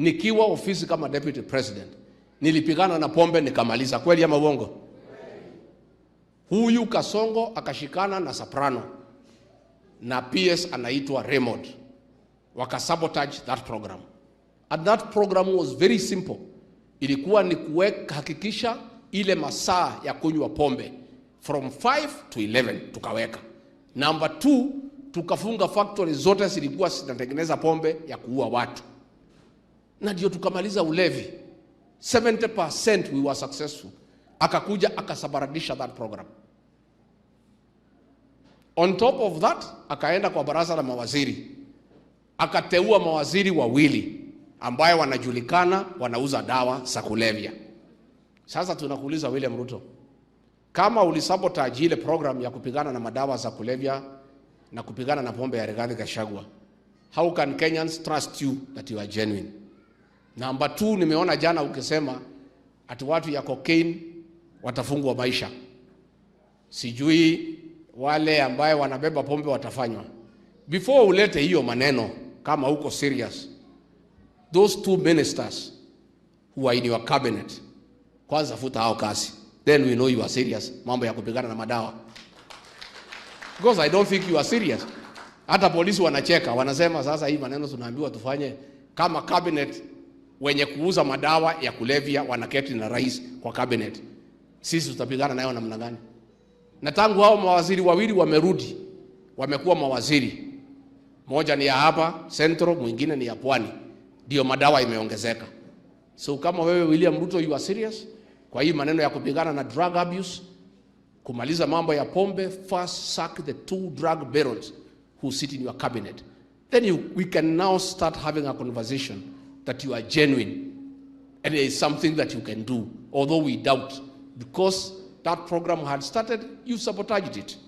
nikiwa ofisi kama deputy president nilipigana na pombe nikamaliza. Kweli ama uongo? Huyu Kasongo akashikana na Soprano na PS anaitwa Raymond, wakasabotage that program and that program was very simple. Ilikuwa ni kuweka hakikisha ile masaa ya kunywa pombe from 5 to 11 tukaweka. Number 2 tukafunga factory zote zilikuwa zinatengeneza pombe ya kuua watu na ndio tukamaliza ulevi 70% we were successful. Akakuja akasabaradisha that program. On top of that, akaenda kwa baraza la mawaziri akateua mawaziri wawili ambayo wanajulikana wanauza dawa za kulevya. Sasa tunakuuliza William Ruto, kama ulisabotaji ile program ya kupigana na madawa za kulevya na kupigana na pombe ya Rigathi Gachagua, how can Kenyans trust you that you are genuine? Namba 2 nimeona jana ukisema ati watu ya cocaine watafungwa maisha, sijui wale ambaye wanabeba pombe watafanywa. Before ulete hiyo maneno, kama uko serious, those two ministers who are in your cabinet, kwanza futa hao kazi, then we know you are serious mambo ya kupigana na madawa, because I don't think you are serious. Hata polisi wanacheka, wanasema sasa hii maneno tunaambiwa tufanye kama cabinet wenye kuuza madawa ya kulevya wanaketi na rais kwa cabinet, sisi tutapigana nayo namna gani? Na tangu hao mawaziri wawili wamerudi, wamekuwa mawaziri, moja ni ya hapa Central, mwingine ni ya Pwani, ndio madawa imeongezeka. So kama wewe William Ruto, you are serious kwa hii maneno ya kupigana na drug abuse, kumaliza mambo ya pombe, first sack the two drug barons who sit in your cabinet, then you, we can now start having a conversation that you are genuine and there is something that you can do, although we doubt, because that program had started, you sabotaged it.